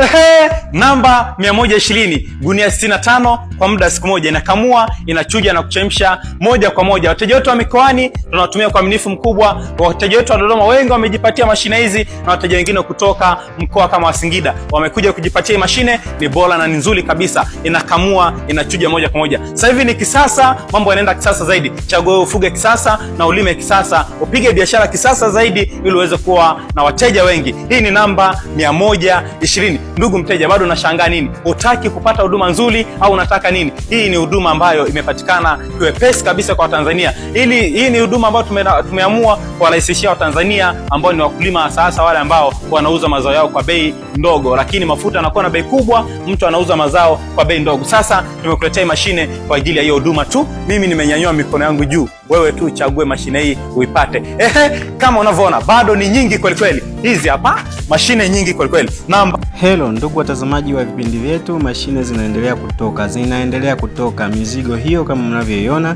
Hey! namba 120 gunia 65 kwa muda siku moja, inakamua inachuja na kuchemsha moja kwa moja. Wateja wetu wa mikoani tunawatumia kwa minifu mkubwa. Wateja wetu wa Dodoma wengi wamejipatia mashine hizi, na wateja wengine kutoka mkoa kama wa Singida wamekuja kujipatia mashine. Ni bora na ni nzuri kabisa, inakamua inachuja moja kwa moja. Sasa hivi ni kisasa, mambo yanaenda kisasa zaidi. Chagua ufuge kisasa na ulime kisasa, upige biashara kisasa zaidi, ili uweze kuwa na wateja wengi. Hii ni namba 120 ndugu mteja rejareja, bado unashangaa nini? Hutaki kupata huduma nzuri au unataka nini? Hii ni huduma ambayo imepatikana kiwepesi kabisa kwa Watanzania. Ili hii ni huduma ambayo tume, tumeamua kuwarahisishia Watanzania ambao ni wakulima, hasa wale ambao wanauza mazao yao kwa bei ndogo, lakini mafuta yanakuwa na bei kubwa, mtu anauza mazao kwa bei ndogo. Sasa tumekuletea mashine kwa ajili ya hiyo huduma tu. Mimi nimenyanyua mikono yangu juu wewe tu uchague mashine hii uipate. Ehe, kama unavyoona bado ni nyingi kwelikweli, hizi hapa mashine nyingi kwelikweli. Namba Hello, ndugu watazamaji wa vipindi vyetu, mashine zinaendelea kutoka, zinaendelea kutoka. Mizigo hiyo kama mnavyoiona,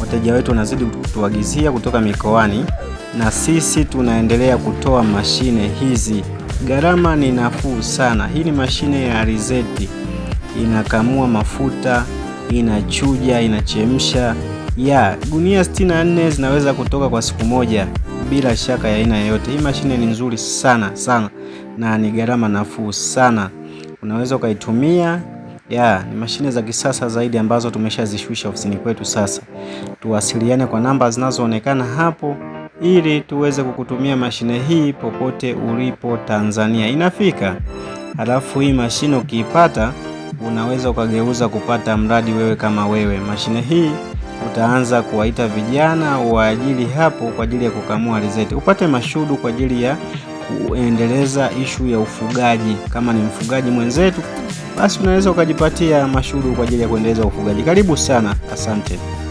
wateja wetu wanazidi kutuagizia kutoka mikoani, na sisi tunaendelea kutoa mashine hizi. Gharama ni nafuu sana. Hii ni mashine ya alizeti, inakamua mafuta, inachuja, inachemsha ya gunia 64 zinaweza kutoka kwa siku moja bila shaka ya aina yoyote. Hii mashine ni nzuri sana sana na ni gharama nafuu sana, unaweza ukaitumia. Ya, ni mashine za kisasa zaidi ambazo tumeshazishusha ofisini kwetu. Sasa tuwasiliane kwa namba zinazoonekana hapo ili tuweze kukutumia mashine hii popote ulipo Tanzania inafika. Halafu hii mashine ukiipata, unaweza ukageuza kupata mradi wewe kama wewe mashine hii utaanza kuwaita vijana wa ajili hapo kwa ajili ya kukamua alizeti, upate mashudu kwa ajili ya kuendeleza ishu ya ufugaji. Kama ni mfugaji mwenzetu, basi unaweza ukajipatia mashudu kwa ajili ya kuendeleza ufugaji. Karibu sana, asante.